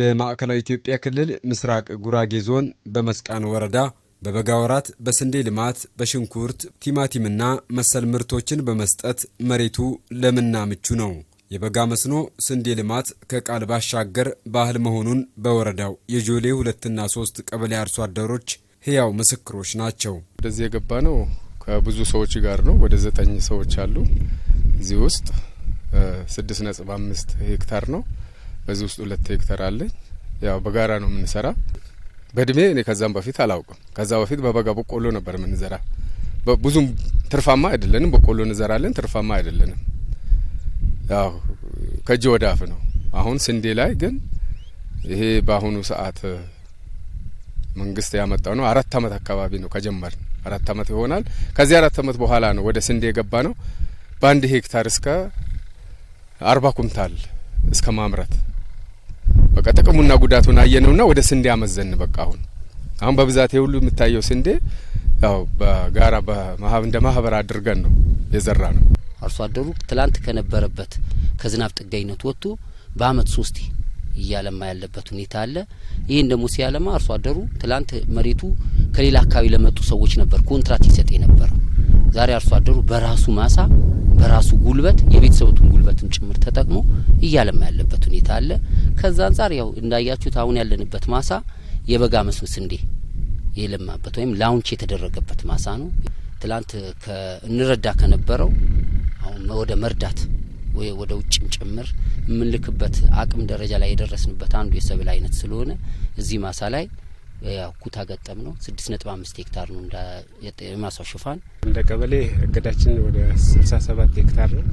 በማዕከላዊ ኢትዮጵያ ክልል ምስራቅ ጉራጌ ዞን በመስቃን ወረዳ በበጋ ወራት በስንዴ ልማት በሽንኩርት ቲማቲምና መሰል ምርቶችን በመስጠት መሬቱ ለምና ምቹ ነው። የበጋ መስኖ ስንዴ ልማት ከቃል ባሻገር ባህል መሆኑን በወረዳው የጆሌ ሁለትና ሶስት ቀበሌ አርሶ አደሮች ህያው ምስክሮች ናቸው። ወደዚህ የገባ ነው ከብዙ ሰዎች ጋር ነው። ወደ ዘጠኝ ሰዎች አሉ። እዚህ ውስጥ ስድስት ነጥብ አምስት ሄክታር ነው በዚህ ውስጥ ሁለት ሄክተር አለኝ። ያው በጋራ ነው የምንሰራ። በእድሜ እኔ ከዛም በፊት አላውቅም። ከዛ በፊት በበጋ በቆሎ ነበር የምንዘራ። ብዙም ትርፋማ አይደለንም። በቆሎ እንዘራለን፣ ትርፋማ አይደለንም። ያው ከእጅ ወደ አፍ ነው። አሁን ስንዴ ላይ ግን ይሄ በአሁኑ ሰዓት መንግስት ያመጣው ነው። አራት አመት አካባቢ ነው ከጀመር አራት አመት ይሆናል። ከዚህ አራት አመት በኋላ ነው ወደ ስንዴ የገባ ነው። በአንድ ሄክታር እስከ አርባ ኩንታል እስከ ማምረት በቃ ጥቅሙና ጉዳቱን አየነውና ወደ ስንዴ አመዘን። በቃ አሁን አሁን በብዛት የሁሉ የምታየው ስንዴ ያው በጋራ እንደ ማህበር አድርገን ነው የዘራ ነው። አርሶ አደሩ ትላንት ከነበረበት ከዝናብ ጥገኝነት ወጥቶ በአመት ሶስቴ እያለማ ያለበት ሁኔታ አለ። ይህን ደግሞ ሲያለማ አርሶ አደሩ ትላንት መሬቱ ከሌላ አካባቢ ለመጡ ሰዎች ነበር ኮንትራት ይሰጥ የነበረው። ዛሬ አርሶ አደሩ በራሱ ማሳ በራሱ ጉልበት የቤተሰቡን ጉልበትም ጭምር ተጠቅሞ እያለማ ያለበት ሁኔታ አለ። ከዛ አንጻር ያው እንዳያችሁት አሁን ያለንበት ማሳ የበጋ መስኖ ስንዴ የለማበት ወይም ላውንች የተደረገበት ማሳ ነው። ትላንት እንረዳ ከነበረው አሁን ወደ መርዳት ወደ ውጭም ጭምር የምንልክበት አቅም ደረጃ ላይ የደረስንበት አንዱ የሰብል አይነት ስለሆነ እዚህ ማሳ ላይ ያው ኩታ ገጠም ነው። ስድስት ነጥብ አምስት ሄክታር ነው እንደ የማሳው ሽፋን። እንደ ቀበሌ እቅዳችን ወደ ስልሳ ሰባት ሄክታር ነው።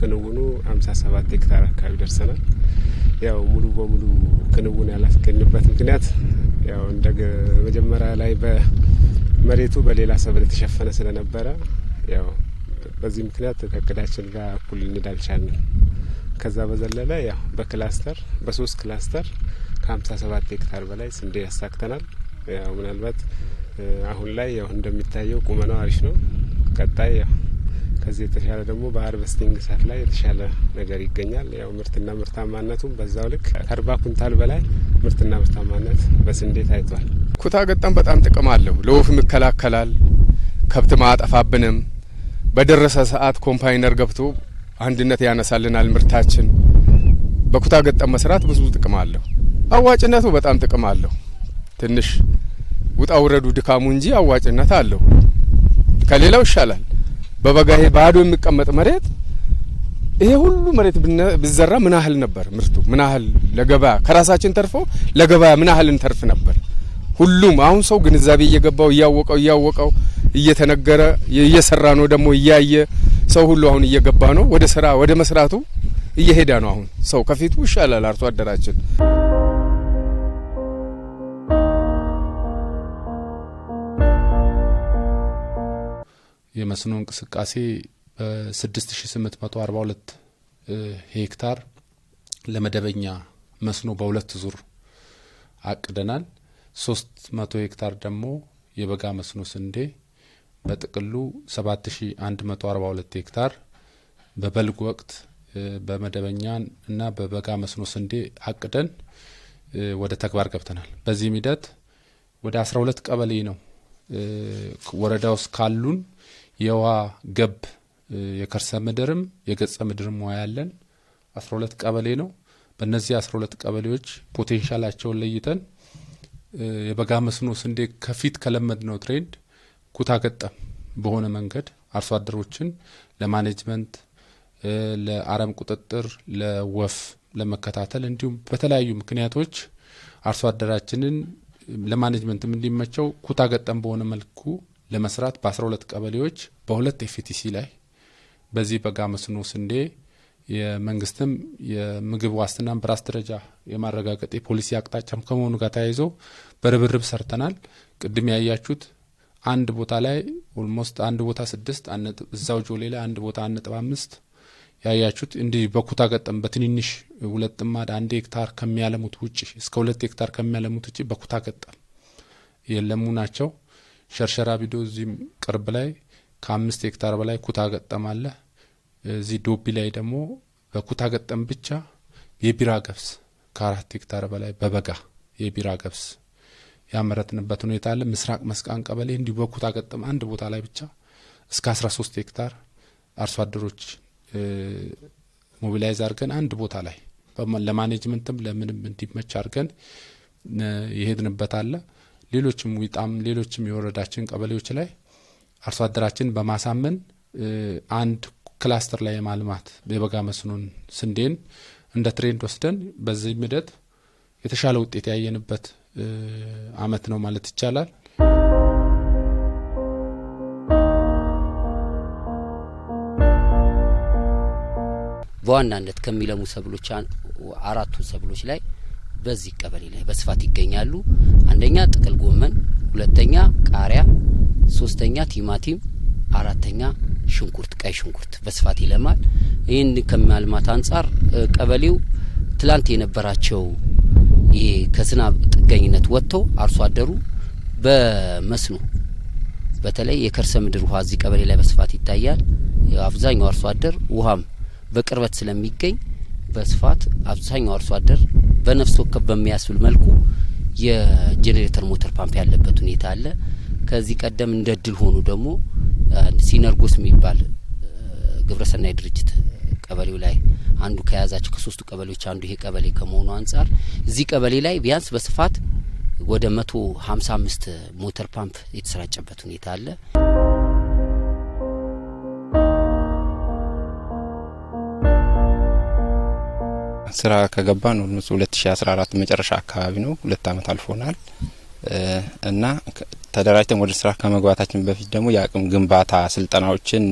ክንውኑ ሀምሳ ሰባት ሄክታር አካባቢ ደርሰናል። ያው ሙሉ በሙሉ ክንውን ያላስገኝበት ምክንያት ያው እንደ መጀመሪያ ላይ በመሬቱ በሌላ ሰብል የተሸፈነ ስለነበረ ያው በዚህ ምክንያት ከእቅዳችን ጋር እኩል እንዳልቻልን ከዛ በዘለለ ያው በክላስተር በሶስት ክላስተር ከሀምሳ ሰባት ሄክታር በላይ ስንዴ ያሳክተናል። ያው ምናልባት አሁን ላይ ያው እንደሚታየው ቁመናው አሪፍ ነው። ቀጣይ ያው ከዚህ የተሻለ ደግሞ በሀርቨስቲንግ ሰዓት ላይ የተሻለ ነገር ይገኛል። ያው ምርትና ምርታማነቱም በዛው ልክ ከአርባ ኩንታል በላይ ምርትና ምርታማነት በስንዴ ታይቷል። ኩታ ገጠም በጣም ጥቅም አለው። ለወፍም ይከላከላል፣ ከብት ማጠፋብንም በደረሰ ሰዓት ኮምፓይነር ገብቶ አንድነት ያነሳልናል። ምርታችን በኩታ ገጠም መስራት ብዙ ጥቅም አለው። አዋጭነቱ በጣም ጥቅም አለው። ትንሽ ውጣ ውረዱ ድካሙ እንጂ አዋጭነት አለው። ከሌላው ይሻላል። በበጋ ባዶ የሚቀመጥ መሬት ይሄ ሁሉ መሬት ብዘራ ምን ያህል ነበር ምርቱ? ምን ያህል ለገበያ ከራሳችን ተርፎ ለገበያ ምን ያህል እንተርፍ ነበር? ሁሉም አሁን ሰው ግንዛቤ እየገባው እያወቀው እያወቀው እየተነገረ እየሰራ ነው ደግሞ እያየ ሰው ሁሉ አሁን እየገባ ነው ወደ ስራ ወደ መስራቱ እየሄዳ ነው። አሁን ሰው ከፊቱ ይሻላል አርሶ አደራችን። የመስኖ እንቅስቃሴ በ6842 ሄክታር ለመደበኛ መስኖ በሁለት ዙር አቅደናል። 300 ሄክታር ደግሞ የበጋ መስኖ ስንዴ በጥቅሉ 7142 ሄክታር በበልግ ወቅት በመደበኛ እና በበጋ መስኖ ስንዴ አቅደን ወደ ተግባር ገብተናል። በዚህም ሂደት ወደ 12 ቀበሌ ነው ወረዳ ውስጥ ካሉን የውሃ ገብ የከርሰ ምድርም የገጸ ምድርም ውሃ ያለን 12 ቀበሌ ነው። በእነዚህ 12 ቀበሌዎች ፖቴንሻላቸውን ለይተን የበጋ መስኖ ስንዴ ከፊት ከለመድነው ትሬንድ ኩታ ገጠም በሆነ መንገድ አርሶ አደሮችን ለማኔጅመንት፣ ለአረም ቁጥጥር፣ ለወፍ ለመከታተል እንዲሁም በተለያዩ ምክንያቶች አርሶ አደራችንን ለማኔጅመንትም እንዲመቸው ኩታ ገጠም በሆነ መልኩ ለመስራት በአስራ ሁለት ቀበሌዎች በሁለት ኤፍቲሲ ላይ በዚህ በጋ መስኖ ስንዴ የመንግስትም የምግብ ዋስትናን በራስ ደረጃ የማረጋገጥ የፖሊሲ አቅጣጫም ከመሆኑ ጋር ተያይዞ በርብርብ ሰርተናል። ቅድም ያያችሁት አንድ ቦታ ላይ ኦልሞስት አንድ ቦታ ስድስት እዛው ጆሌ ላይ አንድ ቦታ አንድ ነጥብ አምስት ያያችሁት እንዲህ በኩታ ገጠም በትንንሽ ሁለት ጥማድ አንድ ሄክታር ከሚያለሙት ውጭ እስከ ሁለት ሄክታር ከሚያለሙት ውጭ በኩታ ገጠም የለሙ ናቸው። ሸርሸራ ቢዶ እዚህም ቅርብ ላይ ከአምስት ሄክታር በላይ ኩታ ገጠም አለ። እዚህ ዶቢ ላይ ደግሞ በኩታ ገጠም ብቻ የቢራ ገብስ ከአራት ሄክታር በላይ በበጋ የቢራ ገብስ ያመረትንበት ሁኔታ አለ። ምስራቅ መስቃን ቀበሌ እንዲሁ በኩታ ገጠም አንድ ቦታ ላይ ብቻ እስከ 13 ሄክታር አርሶ አደሮች ሞቢላይዝ አድርገን አንድ ቦታ ላይ ለማኔጅመንትም ለምንም እንዲመች አድርገን የሄድንበት አለ። ሌሎችም ዊጣም ሌሎችም የወረዳችን ቀበሌዎች ላይ አርሶ አደራችን በማሳመን አንድ ክላስተር ላይ የማልማት የበጋ መስኖን ስንዴን እንደ ትሬንድ ወስደን በዚህም ሂደት የተሻለ ውጤት ያየንበት አመት ነው ማለት ይቻላል። በዋናነት ከሚለሙ ሰብሎች አራቱ ሰብሎች ላይ በዚህ ቀበሌ ላይ በስፋት ይገኛሉ። አንደኛ ጥቅል ጎመን፣ ሁለተኛ ቃሪያ፣ ሶስተኛ ቲማቲም፣ አራተኛ ሽንኩርት፣ ቀይ ሽንኩርት በስፋት ይለማል። ይህን ከማልማት አንጻር ቀበሌው ትላንት የነበራቸው ይሄ ከዝናብ ጥገኝነት ወጥቶ አርሶ አደሩ በመስኖ በተለይ የከርሰ ምድር ውሃ እዚህ ቀበሌ ላይ በስፋት ይታያል። አብዛኛው አርሶ አደር ውሃም በቅርበት ስለሚገኝ በስፋት አብዛኛው አርሶ አደር በነፍስ ወከፍ በሚያስብል መልኩ የጄኔሬተር ሞተር ፓምፕ ያለበት ሁኔታ አለ። ከዚህ ቀደም እንደ እድል ሆኑ ደግሞ ሲነርጎስ የሚባል ግብረሰናይ ድርጅት ቀበሌው ላይ አንዱ ከያዛቸው ከሶስቱ ቀበሌዎች አንዱ ይሄ ቀበሌ ከመሆኑ አንጻር እዚህ ቀበሌ ላይ ቢያንስ በስፋት ወደ መቶ ሀምሳ አምስት ሞተር ፓምፕ የተሰራጨበት ሁኔታ አለ። ስራ ከገባን ኦልሞስ 2014 መጨረሻ አካባቢ ነው። ሁለት አመት አልፎናል እና ተደራጅተን ወደ ስራ ከመግባታችን በፊት ደግሞ የአቅም ግንባታ ስልጠናዎችን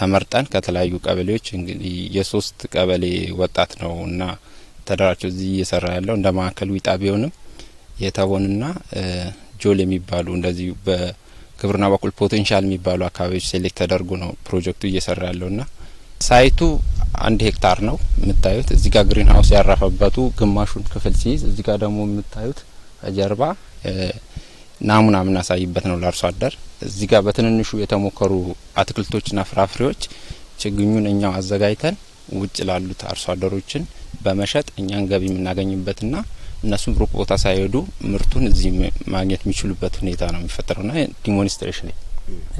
ተመርጠን ከተለያዩ ቀበሌዎች እንግዲህ የሶስት ቀበሌ ወጣት ነው እና ተደራቸው እዚህ እየሰራ ያለው እንደ ማዕከሉ ዊጣ ቢሆንም የተቦንና ጆል የሚባሉ እንደዚሁ በግብርና በኩል ፖቴንሻል የሚባሉ አካባቢዎች ሴሌክት ተደርጎ ነው ፕሮጀክቱ እየሰራ ና ሳይቱ አንድ ሄክታር ነው የምታዩት። እዚህ ጋር ግሪን ሀውስ ያረፈበቱ ግማሹን ክፍል ሲይዝ፣ እዚህ ጋር ደግሞ የምታዩት ከጀርባ ናሙና የምናሳይበት ነው ለአርሶ አደር። እዚህ ጋር በትንንሹ የተሞከሩ አትክልቶችና ፍራፍሬዎች ችግኙን እኛው አዘጋጅተን ውጭ ላሉት አርሶ አደሮችን በመሸጥ እኛን ገቢ የምናገኝበትና እነሱም ሩቅ ቦታ ሳይሄዱ ምርቱን እዚህ ማግኘት የሚችሉበት ሁኔታ ነው ና ዲሞንስትሬሽን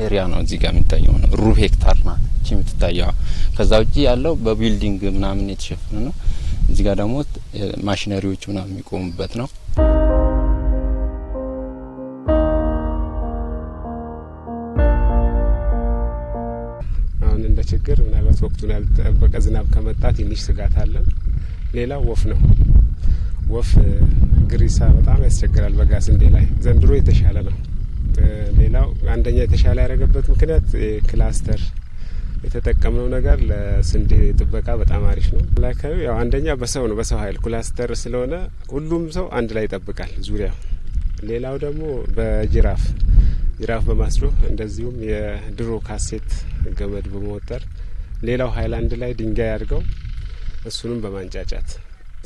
ኤሪያ ነው እዚህ ጋር የሚታየው ነው። ሩብ ሄክታር ናች የምትታየዋ። ከዛ ውጭ ያለው በቢልዲንግ ምናምን የተሸፈነ ነው። እዚህ ጋር ደግሞ ማሽነሪዎች ምናምን የሚቆሙበት ነው። ወቅቱን ያልጠበቀ ዝናብ ከመጣ ትንሽ ስጋት አለን። ሌላው ወፍ ነው። ወፍ ግሪሳ በጣም ያስቸግራል። በጋ ስንዴ ላይ ዘንድሮ የተሻለ ነው። ሌላው አንደኛ የተሻለ ያደረገበት ምክንያት ክላስተር የተጠቀምነው ነገር ለስንዴ ጥበቃ በጣም አሪፍ ነው። ላካባቢ ያው አንደኛ በሰው ነው በሰው ኃይል ክላስተር ስለሆነ ሁሉም ሰው አንድ ላይ ይጠብቃል ዙሪያ። ሌላው ደግሞ በጅራፍ ጅራፍ በማስጮህ እንደዚሁም የድሮ ካሴት ገመድ በመወጠር ሌላው ሀይላንድ ላይ ድንጋይ አድርገው እሱንም በማንጫጫት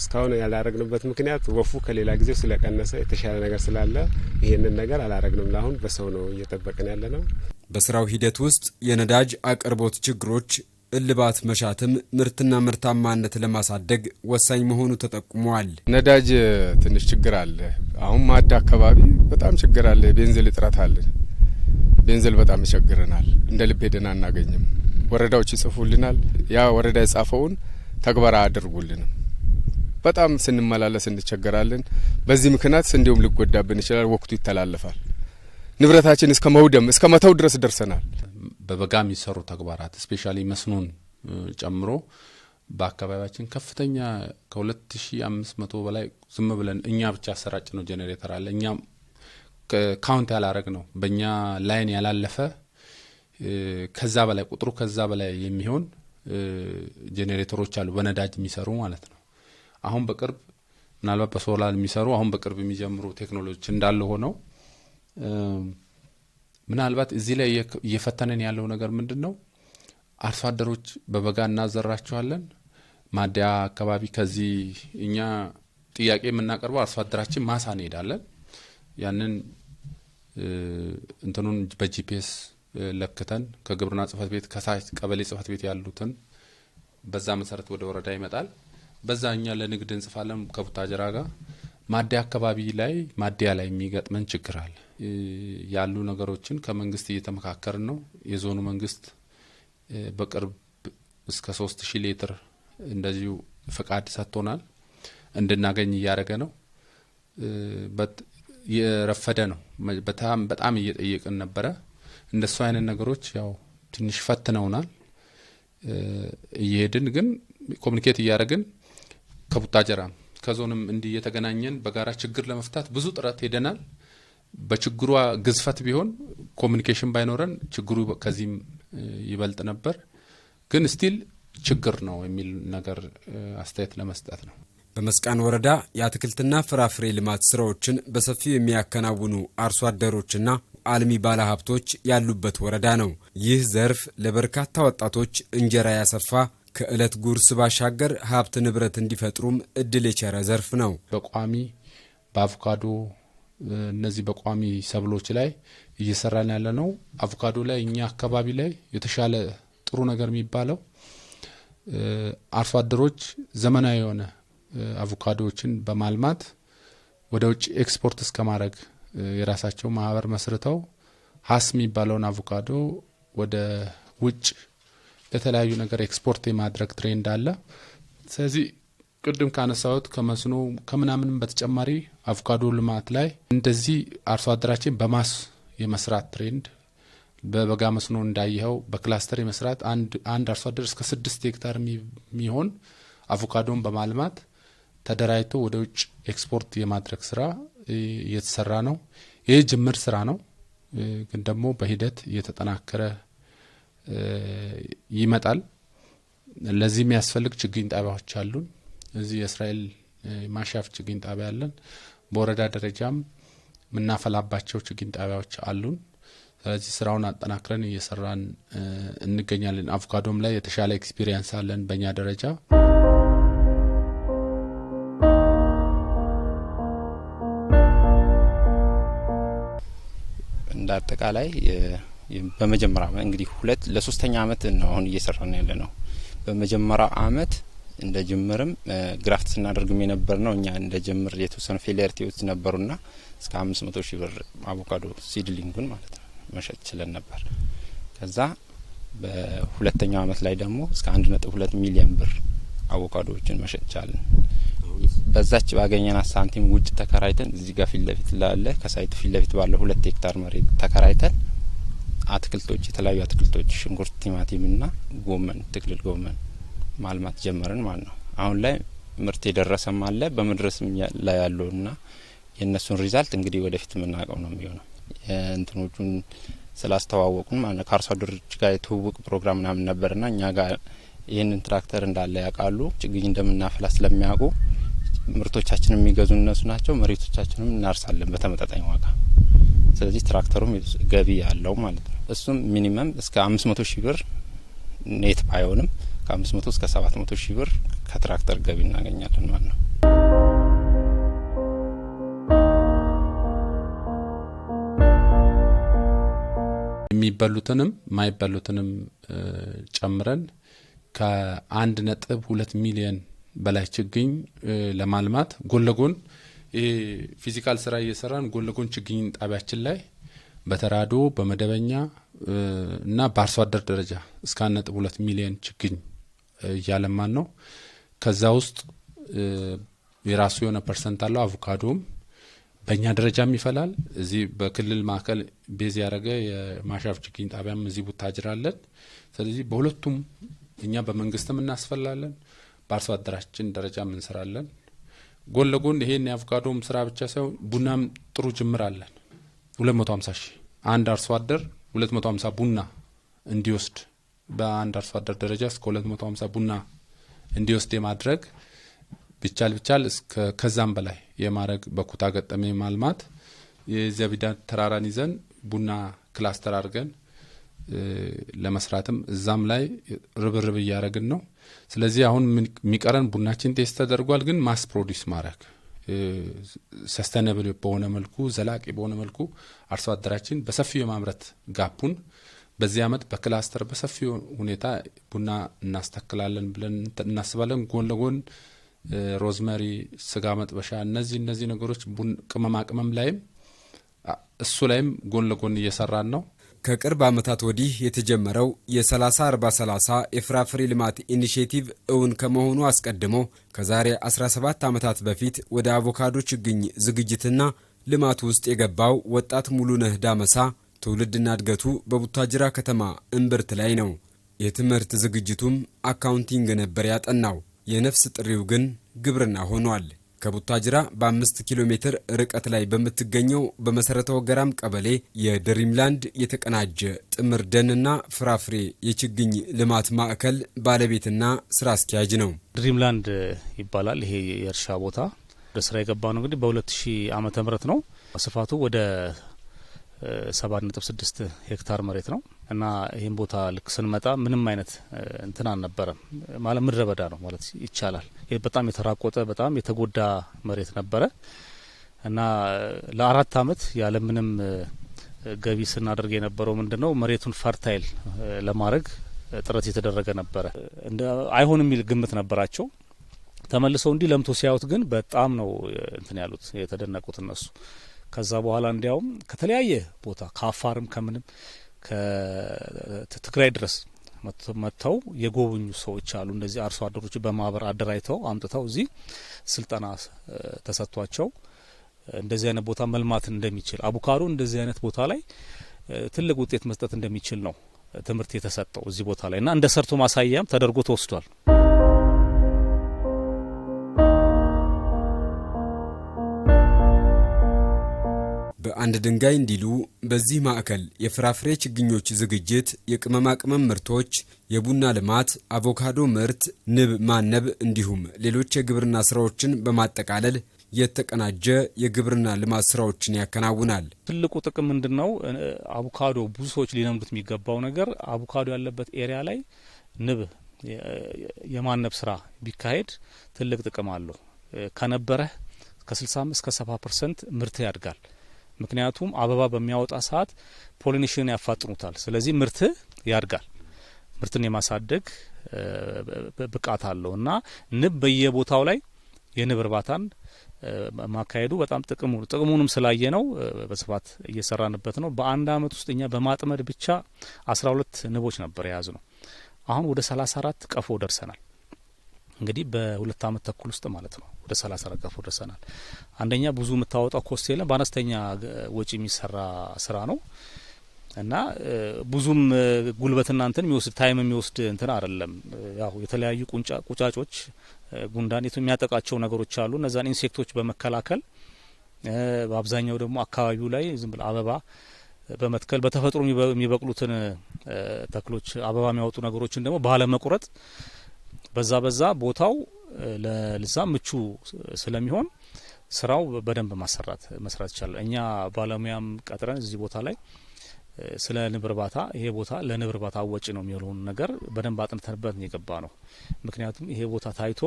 እስካሁን ያላረግንበት ምክንያት ወፉ ከሌላ ጊዜ ስለቀነሰ የተሻለ ነገር ስላለ ይህንን ነገር አላረግንም። ለአሁን በሰው ነው እየጠበቅን ያለ ነው። በስራው ሂደት ውስጥ የነዳጅ አቅርቦት ችግሮች እልባት መሻትም ምርትና ምርታማነት ለማሳደግ ወሳኝ መሆኑ ተጠቁመዋል። ነዳጅ ትንሽ ችግር አለ። አሁን ማዳ አካባቢ በጣም ችግር አለ። ቤንዝል እጥረት አለን። ቤንዝል በጣም ይቸግረናል። እንደ ልብ ሄደን አናገኝም። ወረዳዎች ይጽፉልናል። ያ ወረዳ የጻፈውን ተግባራ አድርጉልንም። በጣም ስንመላለስ እንቸገራለን። በዚህ ምክንያት ስንዴውም ሊጎዳብን ይችላል። ወቅቱ ይተላለፋል። ንብረታችን እስከ መውደም እስከ መተው ድረስ ደርሰናል። በበጋ የሚሰሩ ተግባራት ስፔሻሊ መስኖን ጨምሮ በአካባቢያችን ከፍተኛ ከ2500 በላይ ዝም ብለን እኛ ብቻ አሰራጭ ነው ጄኔሬተር አለ እኛም ካውንት ያላረግ ነው በእኛ ላይን ያላለፈ ከዛ በላይ ቁጥሩ ከዛ በላይ የሚሆን ጄኔሬተሮች አሉ በነዳጅ የሚሰሩ ማለት ነው። አሁን በቅርብ ምናልባት በሶላር የሚሰሩ አሁን በቅርብ የሚጀምሩ ቴክኖሎጂዎች እንዳለ ሆነው ምናልባት እዚህ ላይ እየፈተነን ያለው ነገር ምንድን ነው? አርሶ አደሮች በበጋ እናዘራቸዋለን። ማደያ አካባቢ ከዚህ እኛ ጥያቄ የምናቀርበው አርሶ አደራችን ማሳ እንሄዳለን። ያንን እንትኑን በጂፒኤስ ለክተን ከግብርና ጽህፈት ቤት ከሳሽ ቀበሌ ጽህፈት ቤት ያሉትን በዛ መሰረት ወደ ወረዳ ይመጣል። በዛ እኛ ለንግድ እንጽፋለን። ከቡታጀራ ጋር ማዴ አካባቢ ላይ ማዲያ ላይ የሚገጥመን ችግር አለ። ያሉ ነገሮችን ከመንግስት እየተመካከርን ነው። የዞኑ መንግስት በቅርብ እስከ ሶስት ሺህ ሊትር እንደዚሁ ፈቃድ ሰጥቶናል እንድናገኝ እያደረገ ነው። የረፈደ ነው። በጣም በጣም እየጠየቅን ነበረ። እንደሱ አይነት ነገሮች ያው ትንሽ ፈትነውናል። እየሄድን ግን ኮሚኒኬት እያደረግን ከቡታጀራም ከዞንም እንዲህ እየተገናኘን በጋራ ችግር ለመፍታት ብዙ ጥረት ሄደናል። በችግሯ ግዝፈት ቢሆን ኮሚኒኬሽን ባይኖረን ችግሩ ከዚህም ይበልጥ ነበር። ግን ስቲል ችግር ነው የሚል ነገር አስተያየት ለመስጠት ነው። በመስቃን ወረዳ የአትክልትና ፍራፍሬ ልማት ስራዎችን በሰፊው የሚያከናውኑ አርሶ አደሮችና አልሚ ባለሀብቶች ያሉበት ወረዳ ነው። ይህ ዘርፍ ለበርካታ ወጣቶች እንጀራ ያሰፋ ከዕለት ጉርስ ባሻገር ሀብት ንብረት እንዲፈጥሩም እድል የቸረ ዘርፍ ነው። በቋሚ በአቮካዶ እነዚህ በቋሚ ሰብሎች ላይ እየሰራን ያለ ነው። አቮካዶ ላይ እኛ አካባቢ ላይ የተሻለ ጥሩ ነገር የሚባለው አርሶ አደሮች ዘመናዊ የሆነ አቮካዶዎችን በማልማት ወደ ውጭ ኤክስፖርት እስከ ማድረግ የራሳቸው ማህበር መስርተው ሀስ የሚባለውን አቮካዶ ወደ ውጭ ለተለያዩ ነገር ኤክስፖርት የማድረግ ትሬንድ አለ። ስለዚህ ቅድም ካነሳሁት ከመስኖ ከምናምንም በተጨማሪ አቮካዶ ልማት ላይ እንደዚህ አርሶ አደራችን በማስ የመስራት ትሬንድ በበጋ መስኖ እንዳየኸው በክላስተር የመስራት አንድ አርሶ አደር እስከ ስድስት ሄክታር የሚሆን አቮካዶን በማልማት ተደራጅቶ ወደ ውጭ ኤክስፖርት የማድረግ ስራ እየተሰራ ነው። ይህ ጅምር ስራ ነው፣ ግን ደግሞ በሂደት እየተጠናከረ ይመጣል። ለዚህ የሚያስፈልግ ችግኝ ጣቢያዎች አሉን። እዚህ የእስራኤል ማሻፍ ችግኝ ጣቢያ አለን። በወረዳ ደረጃም የምናፈላባቸው ችግኝ ጣቢያዎች አሉን። ስለዚህ ስራውን አጠናክረን እየሰራን እንገኛለን። አቮካዶም ላይ የተሻለ ኤክስፒሪየንስ አለን በእኛ ደረጃ በአጠቃላይ በመጀመሪያ እንግዲህ ሁለት ለሶስተኛ አመት ነው አሁን እየሰራ ነው ያለ ነው። በመጀመሪያው አመት እንደ ጅምርም ግራፍት ስናደርግም የነበር ነው እኛ እንደ ጅምር የተወሰኑ ፌሊየርቲዎች ነበሩና እስከ አምስት መቶ ሺህ ብር አቮካዶ ሲድሊንጉን ማለት ነው መሸጥ ችለን ነበር። ከዛ በሁለተኛው አመት ላይ ደግሞ እስከ አንድ ነጥብ ሁለት ሚሊዮን ብር አቮካዶዎችን መሸጥ ቻለን። በዛች ባገኘናት ሳንቲም ውጭ ተከራይተን እዚህ ጋር ፊት ለፊት ላለ ከሳይቱ ፊት ለፊት ባለው ሁለት ሄክታር መሬት ተከራይተን አትክልቶች፣ የተለያዩ አትክልቶች ሽንኩርት፣ ቲማቲምና ጎመን፣ ትክልል ጎመን ማልማት ጀመርን ማለት ነው። አሁን ላይ ምርት የደረሰም አለ በመድረስም ላይ ያለውና የእነሱን ሪዛልት እንግዲህ ወደፊት የምናውቀው ነው የሚሆነው እንትኖቹን ስላስተዋወቁን ማለት ነው። ከአርሶ አደሮች ጋር የትውውቅ ፕሮግራም ምናምን ነበርና እኛ ጋር ይህንን ትራክተር እንዳለ ያውቃሉ። ችግኝ እንደምናፈላ ስለሚያውቁ ምርቶቻችንም የሚገዙ እነሱ ናቸው። መሬቶቻችንም እናርሳለን በተመጣጣኝ ዋጋ። ስለዚህ ትራክተሩም ገቢ ያለው ማለት ነው። እሱም ሚኒመም እስከ አምስት መቶ ሺህ ብር ኔት ባይሆንም ከአምስት መቶ እስከ ሰባት መቶ ሺህ ብር ከትራክተር ገቢ እናገኛለን ማለት ነው። የሚበሉትንም ማይበሉትንም ጨምረን ከአንድ ነጥብ ሁለት ሚሊየን በላይ ችግኝ ለማልማት ጎን ለጎን ፊዚካል ስራ እየሰራን ጎን ለጎን ችግኝ ጣቢያችን ላይ በተራዶ በመደበኛ እና በአርሶ አደር ደረጃ እስከ አንድ ነጥብ ሁለት ሚሊዮን ችግኝ እያለማን ነው። ከዛ ውስጥ የራሱ የሆነ ፐርሰንት አለው። አቮካዶም በእኛ ደረጃም ይፈላል። እዚህ በክልል ማዕከል ቤዝ ያደረገ የማሻፍ ችግኝ ጣቢያም እዚህ ቡታጅራ አለን። ስለዚህ በሁለቱም እኛ በመንግስትም እናስፈላለን በአርሶ አደራችን ደረጃም እንሰራለን። ጎን ለጎን ይሄን የአቮካዶም ስራ ብቻ ሳይሆን ቡናም ጥሩ ጅምር አለን። 250 ሺህ አንድ አርሶ አደር 250 ቡና እንዲወስድ በአንድ አርሶ አደር ደረጃ እስከ 250 ቡና እንዲወስድ የማድረግ ቢቻል ቢቻል ከዛም በላይ የማድረግ በኩታ ገጠሜ ማልማት የዘቢዳ ተራራን ይዘን ቡና ክላስተር አድርገን ለመስራትም እዛም ላይ ርብርብ እያደረግን ነው። ስለዚህ አሁን የሚቀረን ቡናችን ቴስት ተደርጓል፣ ግን ማስ ፕሮዲስ ማድረግ ሰስተነብል በሆነ መልኩ ዘላቂ በሆነ መልኩ አርሶ አደራችን በሰፊው የማምረት ጋፑን በዚህ ዓመት በክላስተር በሰፊው ሁኔታ ቡና እናስተክላለን ብለን እናስባለን። ጎን ለጎን ሮዝመሪ፣ ስጋ መጥበሻ፣ እነዚህ እነዚህ ነገሮች ቅመማ ቅመም ላይም እሱ ላይም ጎን ለጎን እየሰራን ነው። ከቅርብ ዓመታት ወዲህ የተጀመረው የ30/40/30 የፍራፍሬ ልማት ኢኒሽቲቭ እውን ከመሆኑ አስቀድሞ ከዛሬ 17 ዓመታት በፊት ወደ አቮካዶ ችግኝ ዝግጅትና ልማት ውስጥ የገባው ወጣት ሙሉነህ ዳመሳ ትውልድና እድገቱ በቡታጅራ ከተማ እምብርት ላይ ነው። የትምህርት ዝግጅቱም አካውንቲንግ ነበር ያጠናው። የነፍስ ጥሪው ግን ግብርና ሆኗል። ከቡታጅራ በአምስት ኪሎ ሜትር ርቀት ላይ በምትገኘው በመሰረተው ወገራም ቀበሌ የድሪምላንድ የተቀናጀ ጥምር ደንና ፍራፍሬ የችግኝ ልማት ማዕከል ባለቤትና ስራ አስኪያጅ ነው። ድሪምላንድ ይባላል። ይሄ የእርሻ ቦታ ወደ ስራ የገባ ነው እንግዲህ በሁለት 2000 ዓመተ ምህረት ነው። ስፋቱ ወደ 7.6 ሄክታር መሬት ነው። እና ይህን ቦታ ልክ ስንመጣ ምንም አይነት እንትን አልነበረም። ማለት ምድረ በዳ ነው ማለት ይቻላል። በጣም የተራቆጠ በጣም የተጎዳ መሬት ነበረ እና ለአራት አመት ያለምንም ገቢ ስናደርግ የነበረው ምንድን ነው መሬቱን ፈርታይል ለማድረግ ጥረት የተደረገ ነበረ። አይሆን የሚል ግምት ነበራቸው። ተመልሰው እንዲህ ለምቶ ሲያዩት ግን በጣም ነው እንትን ያሉት የተደነቁት እነሱ። ከዛ በኋላ እንዲያውም ከተለያየ ቦታ ከአፋርም ከምንም ከትግራይ ድረስ መጥተው የጎበኙ ሰዎች አሉ። እነዚህ አርሶ አደሮች በማህበር አደራጅተው አምጥተው እዚህ ስልጠና ተሰጥቷቸው እንደዚህ አይነት ቦታ መልማት እንደሚችል አቡካዶ እንደዚህ አይነት ቦታ ላይ ትልቅ ውጤት መስጠት እንደሚችል ነው ትምህርት የተሰጠው እዚህ ቦታ ላይ እና እንደ ሰርቶ ማሳያም ተደርጎ ተወስዷል። አንድ ድንጋይ እንዲሉ በዚህ ማዕከል የፍራፍሬ ችግኞች ዝግጅት፣ የቅመማ ቅመም ምርቶች፣ የቡና ልማት፣ አቮካዶ ምርት፣ ንብ ማነብ እንዲሁም ሌሎች የግብርና ስራዎችን በማጠቃለል የተቀናጀ የግብርና ልማት ስራዎችን ያከናውናል። ትልቁ ጥቅም ምንድን ነው? አቮካዶ ብዙ ሰዎች ሊለምዱት የሚገባው ነገር አቮካዶ ያለበት ኤሪያ ላይ ንብ የማነብ ስራ ቢካሄድ ትልቅ ጥቅም አለው። ከነበረ ከ65 እስከ 70 ፐርሰንት ምርት ያድጋል። ምክንያቱም አበባ በሚያወጣ ሰዓት ፖሊኔሽንን ያፋጥኑታል። ስለዚህ ምርት ያድጋል። ምርትን የማሳደግ ብቃት አለው እና ንብ በየቦታው ላይ የንብ እርባታን ማካሄዱ በጣም ጥቅሙ ጥቅሙንም ስላየ ነው በስፋት እየሰራንበት ነው። በአንድ አመት ውስጥ እኛ በማጥመድ ብቻ አስራ ሁለት ንቦች ነበር የያዝ ነው። አሁን ወደ ሰላሳ አራት ቀፎ ደርሰናል። እንግዲህ በሁለት አመት ተኩል ውስጥ ማለት ነው ወደ ሰላሳ ረገፎ ደርሰናል። አንደኛ ብዙ የምታወጣው ኮስት የለም፣ በአነስተኛ ወጪ የሚሰራ ስራ ነው እና ብዙም ጉልበትና እንትን የሚወስድ ታይም የሚወስድ እንትን አይደለም። ያው የተለያዩ ቁጫጮች ጉንዳን የሚያጠቃቸው ነገሮች አሉ። እነዛን ኢንሴክቶች በመከላከል በአብዛኛው ደግሞ አካባቢው ላይ ዝም ብሎ አበባ በመትከል በተፈጥሮ የሚበቅሉትን ተክሎች አበባ የሚያወጡ ነገሮችን ደግሞ ባለመቁረጥ በዛ በዛ ቦታው ለዛ ምቹ ስለሚሆን ስራው በደንብ ማሰራት መስራት ይቻላል። እኛ ባለሙያም ቀጥረን እዚህ ቦታ ላይ ስለ ንብ እርባታ ይሄ ቦታ ለንብ እርባታ አወጪ ነው የሚሆነውን ነገር በደንብ አጥንተንበት የገባ ነው። ምክንያቱም ይሄ ቦታ ታይቶ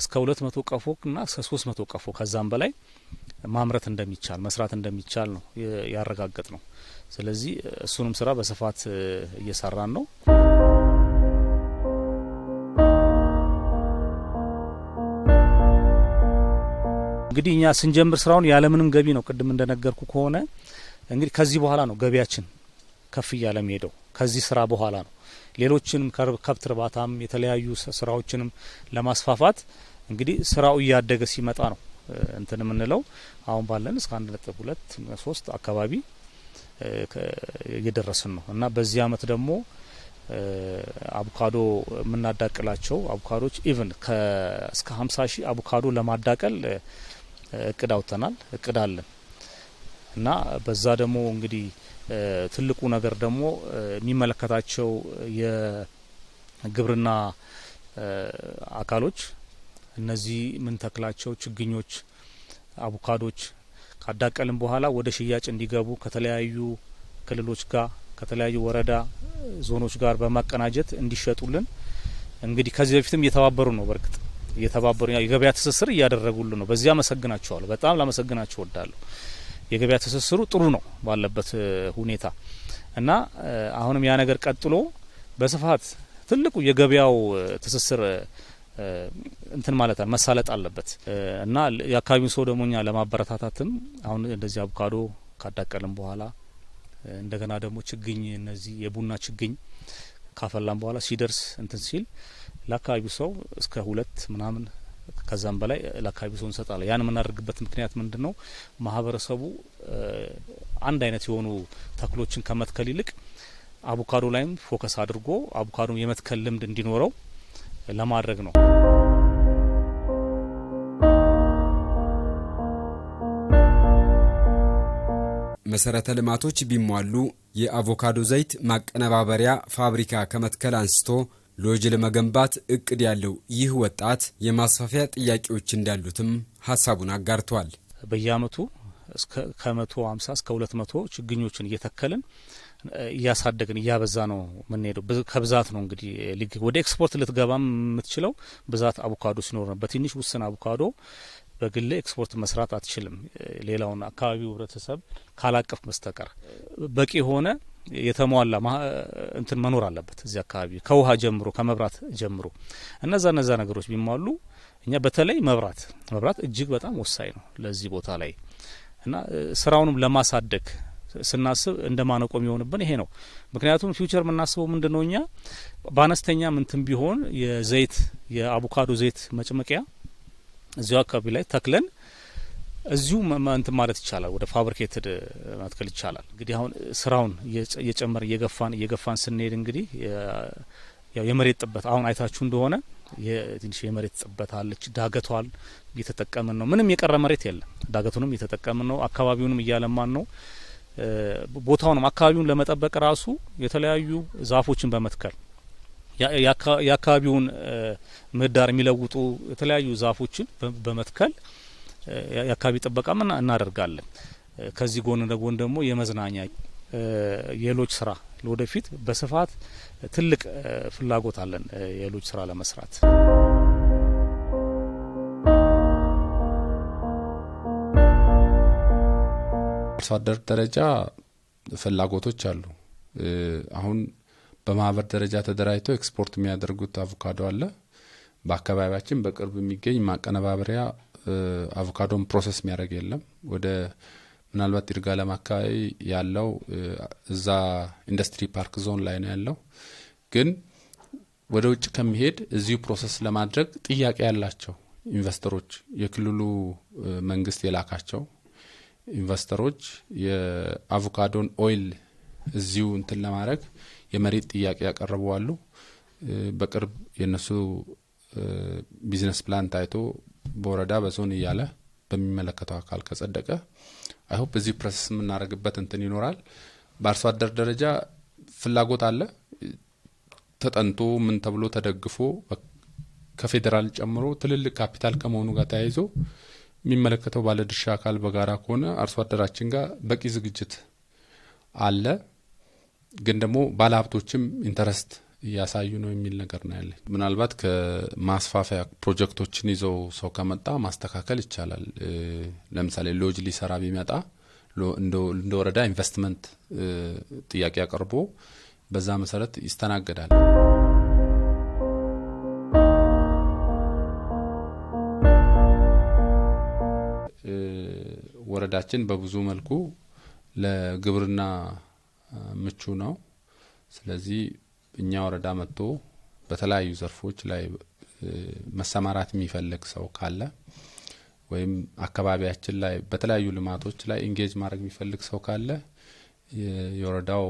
እስከ ሁለት መቶ እና እስከ ሶስት መቶ ቀፎ ከዛም በላይ ማምረት እንደሚቻል መስራት እንደሚቻል ነው ያረጋገጥ ነው። ስለዚህ እሱንም ስራ በስፋት እየሰራን ነው። እንግዲህ እኛ ስንጀምር ስራውን ያለምንም ገቢ ነው። ቅድም እንደነገርኩ ከሆነ እንግዲህ ከዚህ በኋላ ነው ገቢያችን ከፍ እያለ ሄደው ከዚህ ስራ በኋላ ነው። ሌሎችንም ከብት እርባታም የተለያዩ ስራዎችንም ለማስፋፋት እንግዲህ ስራው እያደገ ሲመጣ ነው እንትን የምንለው አሁን ባለን እስከ አንድ ነጥብ ሁለት ሶስት አካባቢ እየደረስን ነው እና በዚህ አመት ደግሞ አቡካዶ የምናዳቅላቸው አቡካዶች ኢቭን እስከ ሀምሳ ሺህ አቡካዶ ለማዳቀል እቅድ አውጥተናል፣ እቅድ አለን እና በዛ ደግሞ እንግዲህ ትልቁ ነገር ደግሞ የሚመለከታቸው የግብርና አካሎች እነዚህ ምንተክላቸው ችግኞች፣ አቮካዶች ካዳቀልም በኋላ ወደ ሽያጭ እንዲገቡ ከተለያዩ ክልሎች ጋር ከተለያዩ ወረዳ ዞኖች ጋር በማቀናጀት እንዲሸጡልን እንግዲህ ከዚህ በፊትም እየተባበሩ ነው በርግጥ እየተባበሩ የገበያ ትስስር እያደረጉልን ነው። በዚህ አመሰግናቸዋለሁ። በጣም ላመሰግናቸው ወዳለሁ። የገበያ ትስስሩ ጥሩ ነው ባለበት ሁኔታ እና አሁንም ያ ነገር ቀጥሎ በስፋት ትልቁ የገበያው ትስስር እንትን ማለት ነው መሳለጥ አለበት እና የአካባቢውን ሰው ደግሞ እኛ ለማበረታታትም አሁን እንደዚህ አቮካዶ ካዳቀልም በኋላ እንደገና ደግሞ ችግኝ እነዚህ የቡና ችግኝ ካፈላም በኋላ ሲደርስ እንትን ሲል ለአካባቢው ሰው እስከ ሁለት ምናምን ከዛም በላይ ለአካባቢው ሰው እንሰጣለን። ያን የምናደርግበት ምክንያት ምንድን ነው? ማህበረሰቡ አንድ አይነት የሆኑ ተክሎችን ከመትከል ይልቅ አቮካዶ ላይም ፎከስ አድርጎ አቮካዶ የመትከል ልምድ እንዲኖረው ለማድረግ ነው። መሰረተ ልማቶች ቢሟሉ የአቮካዶ ዘይት ማቀነባበሪያ ፋብሪካ ከመትከል አንስቶ ሎጅ ለመገንባት እቅድ ያለው ይህ ወጣት የማስፋፊያ ጥያቄዎች እንዳሉትም ሀሳቡን አጋርቷል። በየአመቱ ከመቶ ሀምሳ እስከ ሁለት መቶ ችግኞችን እየተከልን እያሳደግን እያበዛ ነው የምንሄደው። ከብዛት ነው እንግዲህ ወደ ኤክስፖርት ልትገባ የምትችለው ብዛት አቮካዶ ሲኖር ነው። በትንሽ ውስን አቮካዶ በግል ኤክስፖርት መስራት አትችልም። ሌላውን አካባቢው ህብረተሰብ ካላቀፍ በስተቀር በቂ የሆነ የተሟላ እንትን መኖር አለበት እዚህ አካባቢ ከውሃ ጀምሮ ከመብራት ጀምሮ እነዛ እነዛ ነገሮች ቢሟሉ እኛ በተለይ መብራት መብራት እጅግ በጣም ወሳኝ ነው ለዚህ ቦታ ላይ እና ስራውንም ለማሳደግ ስናስብ እንደ ማነቆ የሚሆንብን ይሄ ነው። ምክንያቱም ፊውቸር የምናስበው ምንድን ነው እኛ በአነስተኛ ምንትን ቢሆን የዘይት የአቮካዶ ዘይት መጭመቂያ እዚሁ አካባቢ ላይ ተክለን እዚሁ እንትን ማለት ይቻላል። ወደ ፋብሪኬትድ መትከል ይቻላል። እንግዲህ አሁን ስራውን እየጨመር እየገፋን እየገፋን ስንሄድ እንግዲህ ያው የመሬት ጥበት አሁን አይታችሁ እንደሆነ ትንሽ የመሬት ጥበት አለች። ዳገቷል እየተጠቀምን ነው። ምንም የቀረ መሬት የለም። ዳገቱንም እየተጠቀምን ነው። አካባቢውንም እያለማን ነው። ቦታውንም አካባቢውን ለመጠበቅ ራሱ የተለያዩ ዛፎችን በመትከል የአካባቢውን ምህዳር የሚለውጡ የተለያዩ ዛፎችን በመትከል የአካባቢ ጥበቃም እናደርጋለን። ከዚህ ጎን ለጎን ደግሞ የመዝናኛ የሎጅ ስራ ለወደፊት በስፋት ትልቅ ፍላጎት አለን የሎጅ ስራ ለመስራት። አርሶ አደር ደረጃ ፍላጎቶች አሉ። አሁን በማህበር ደረጃ ተደራጅተው ኤክስፖርት የሚያደርጉት አቮካዶ አለ። በአካባቢያችን በቅርብ የሚገኝ ማቀነባበሪያ አቮካዶን ፕሮሰስ የሚያደርግ የለም። ወደ ምናልባት ይርጋለም አካባቢ ያለው እዛ ኢንዱስትሪ ፓርክ ዞን ላይ ነው ያለው። ግን ወደ ውጭ ከሚሄድ እዚሁ ፕሮሰስ ለማድረግ ጥያቄ ያላቸው ኢንቨስተሮች የክልሉ መንግስት የላካቸው ኢንቨስተሮች የአቮካዶን ኦይል እዚሁ እንትን ለማድረግ የመሬት ጥያቄ ያቀረቡ አሉ። በቅርብ የእነሱ ቢዝነስ ፕላን ታይቶ በወረዳ በዞን እያለ በሚመለከተው አካል ከጸደቀ አይሆፕ በዚህ ፕሮሰስ የምናደርግበት እንትን ይኖራል። በአርሶ አደር ደረጃ ፍላጎት አለ። ተጠንቶ ምን ተብሎ ተደግፎ ከፌዴራል ጨምሮ ትልልቅ ካፒታል ከመሆኑ ጋር ተያይዞ የሚመለከተው ባለድርሻ አካል በጋራ ከሆነ አርሶ አደራችን ጋር በቂ ዝግጅት አለ። ግን ደግሞ ባለሀብቶችም ኢንተረስት እያሳዩ ነው የሚል ነገር ነው ያለኝ። ምናልባት ከማስፋፊያ ፕሮጀክቶችን ይዘው ሰው ከመጣ ማስተካከል ይቻላል። ለምሳሌ ሎጅ ሊሰራ ቢመጣ እንደ ወረዳ ኢንቨስትመንት ጥያቄ አቅርቦ በዛ መሰረት ይስተናገዳል። ወረዳችን በብዙ መልኩ ለግብርና ምቹ ነው። ስለዚህ እኛ ወረዳ መጥቶ በተለያዩ ዘርፎች ላይ መሰማራት የሚፈልግ ሰው ካለ ወይም አካባቢያችን ላይ በተለያዩ ልማቶች ላይ ኢንጌጅ ማድረግ የሚፈልግ ሰው ካለ የወረዳው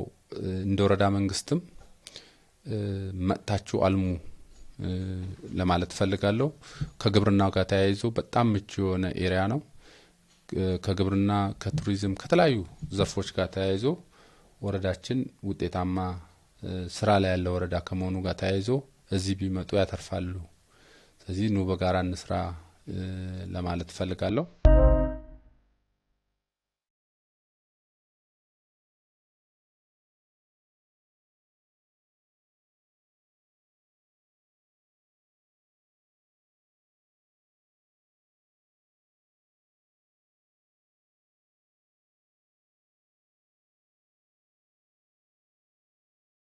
እንደ ወረዳ መንግስትም መጥታችሁ አልሙ ለማለት እፈልጋለሁ። ከግብርናው ጋር ተያይዞ በጣም ምቹ የሆነ ኤሪያ ነው። ከግብርና፣ ከቱሪዝም፣ ከተለያዩ ዘርፎች ጋር ተያይዞ ወረዳችን ውጤታማ ስራ ላይ ያለ ወረዳ ከመሆኑ ጋር ተያይዞ እዚህ ቢመጡ ያተርፋሉ። ስለዚህ ኑ በጋራ እንስራ ለማለት እፈልጋለሁ።